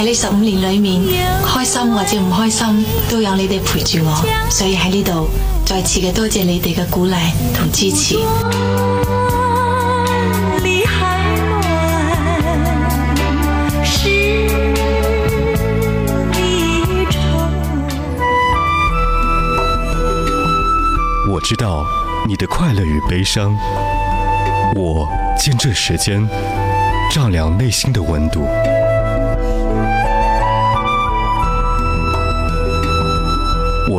喺呢十五年裏面，開心或者唔開心，都有你哋陪住我，所以喺呢度再次嘅多謝你哋嘅鼓勵同支持。我知道你的快樂與悲傷，我見證時間丈量內心的溫度。